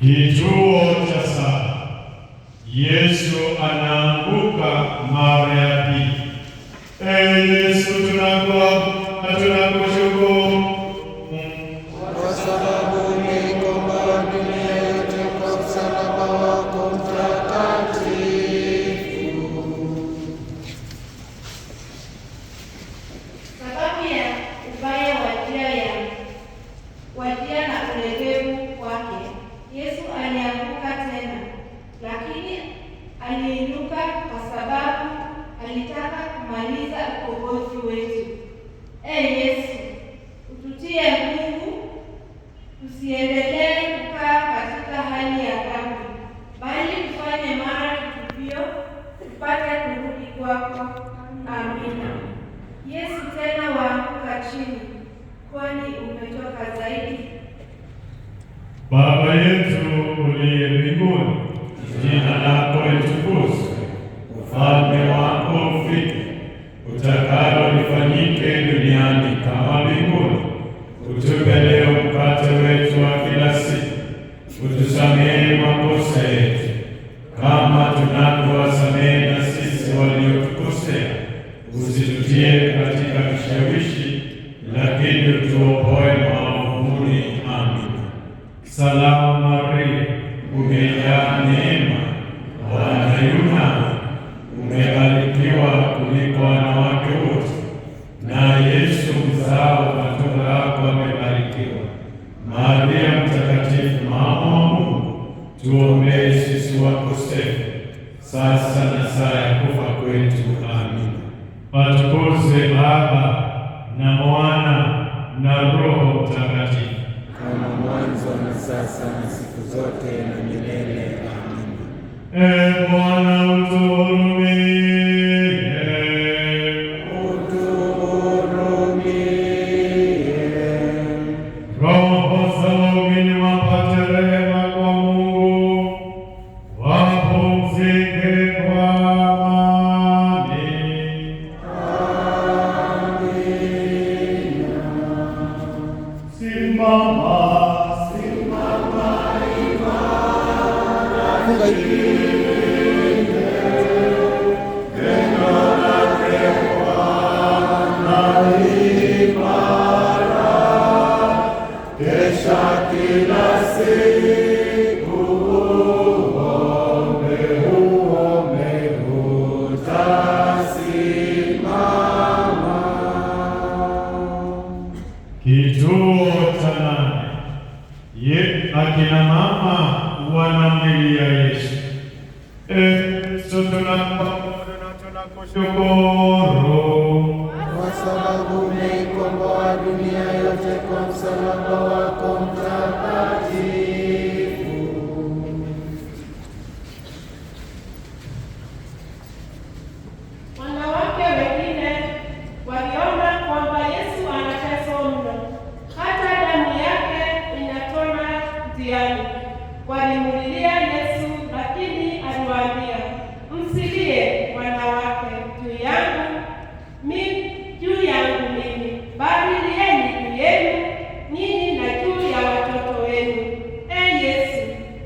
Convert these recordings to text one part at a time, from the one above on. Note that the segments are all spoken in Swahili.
Kituo cha saba. Yesu anaanguka mara aliinuka kwa sababu alitaka kumaliza ukombozi wetu. Ee Yesu, ututie nguvu, tusiendelee kukaa katika hali ya dhambi, bali tufanye mara kuvio tupate kurudi kwako. Amina. Yesu, tena waanguka chini, kwani umetoka zaidi. Baba yetu uliye mbinguni jina lako litukuzwe, ufalme wako ufike, utakalo lifanyike duniani kama mbinguni. Utupe leo mkate wetu wa kila siku, utusamehe makosa yetu kama tunavyowasamehe na sisi waliotukosea, usitutie katika kishawishi, lakini utuokoe maovuni. Amina. Salamu Maria Mtakatifu, mama wa Mungu, tuombee sisi wakosefu, sasa na saa ya kufa kwetu. Amina. Watukuze Baba na Mwana na Roho Mtakatifu, kama mwanzo na sasa na siku zote na milele. Amina. E ee Bwana utuhurumie. akina mama wanamlilia Yesu. Yesu eh, tunakushukuru kwa sababu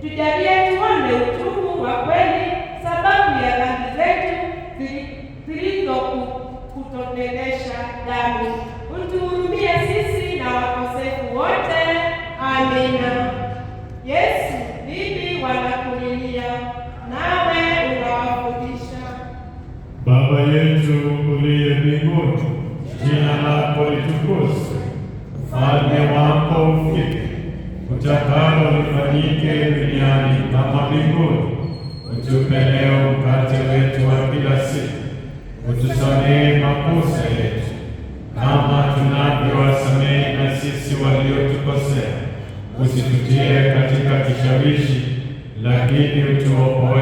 Tujalie tuone uchungu wa kweli, sababu ya dhambi zetu zilizokutotendesha damu. Utuhurumie sisi na wakosefu wote. Amina. Yesu, bibi wanakulilia, nawe unawafundisha. Baba yetu uliye mbinguni, jina lako litukuzwe, ufalme wako ufike utakalo lifanyike duniani kama mbinguni. Utupe leo mkate wetu wa kila siku, utusamehe makosa yetu kama tunavyowasamehe na sisi waliotukosea, usitutie katika kishawishi, lakini utuokoe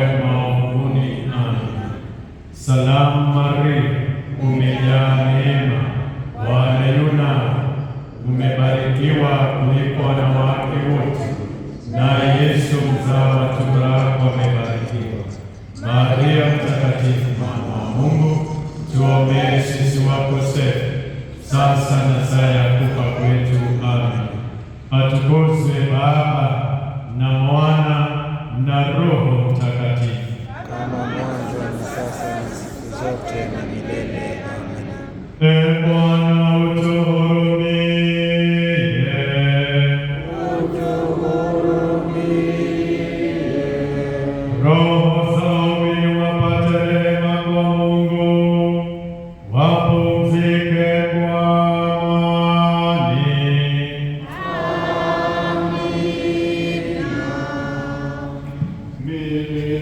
hata ya kufa kwetu. Amen. Atukuzwe Baba na Mwana na Roho Mtakatifu, kama mwanzo na sasa na siku zote na milele. Amen. Ee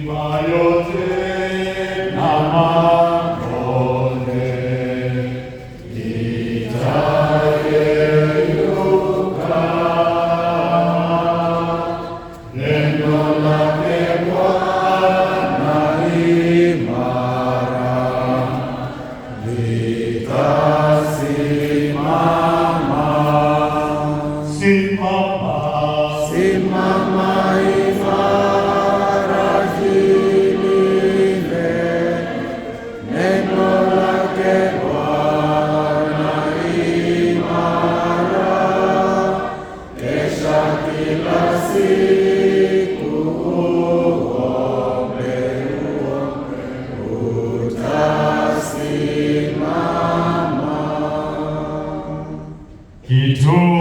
Sifa to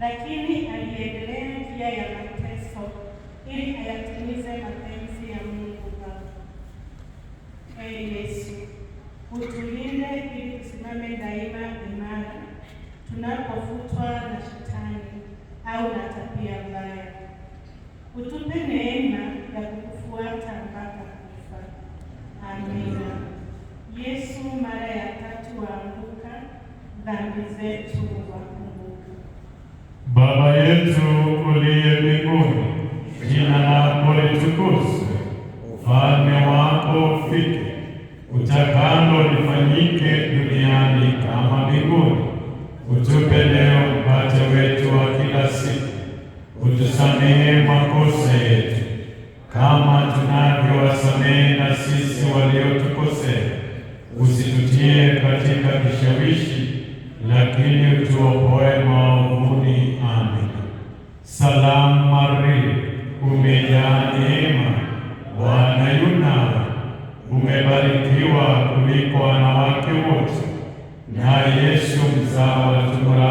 lakini aliendelea njia ya mateso ili ayatimize mapenzi ya Mungu Baba. Ee Yesu, utulinde ili tusimame daima imara tunapofutwa na shetani au na tabia mbaya. Utupe neema ya kukufuata mpaka kufa. Amina. Yesu mara ya tatu waanguka dhambi zetu wetu uliye mbinguni, jina lako litukuzwe, ufalme wako ufike, utakalo lifanyike duniani kama mbinguni. Utupe leo mkate wetu wa kila siku, utusamehe makosa yetu kama tunavyowasamehe na sisi waliotukosea, usitutie katika kishawishi, lakini utuokoe maovuni. Amen. Salamu Maria, umejaa neema, Bwana yu nawe, umebarikiwa kuliko wanawake wote, na Yesu mzao wa tumbo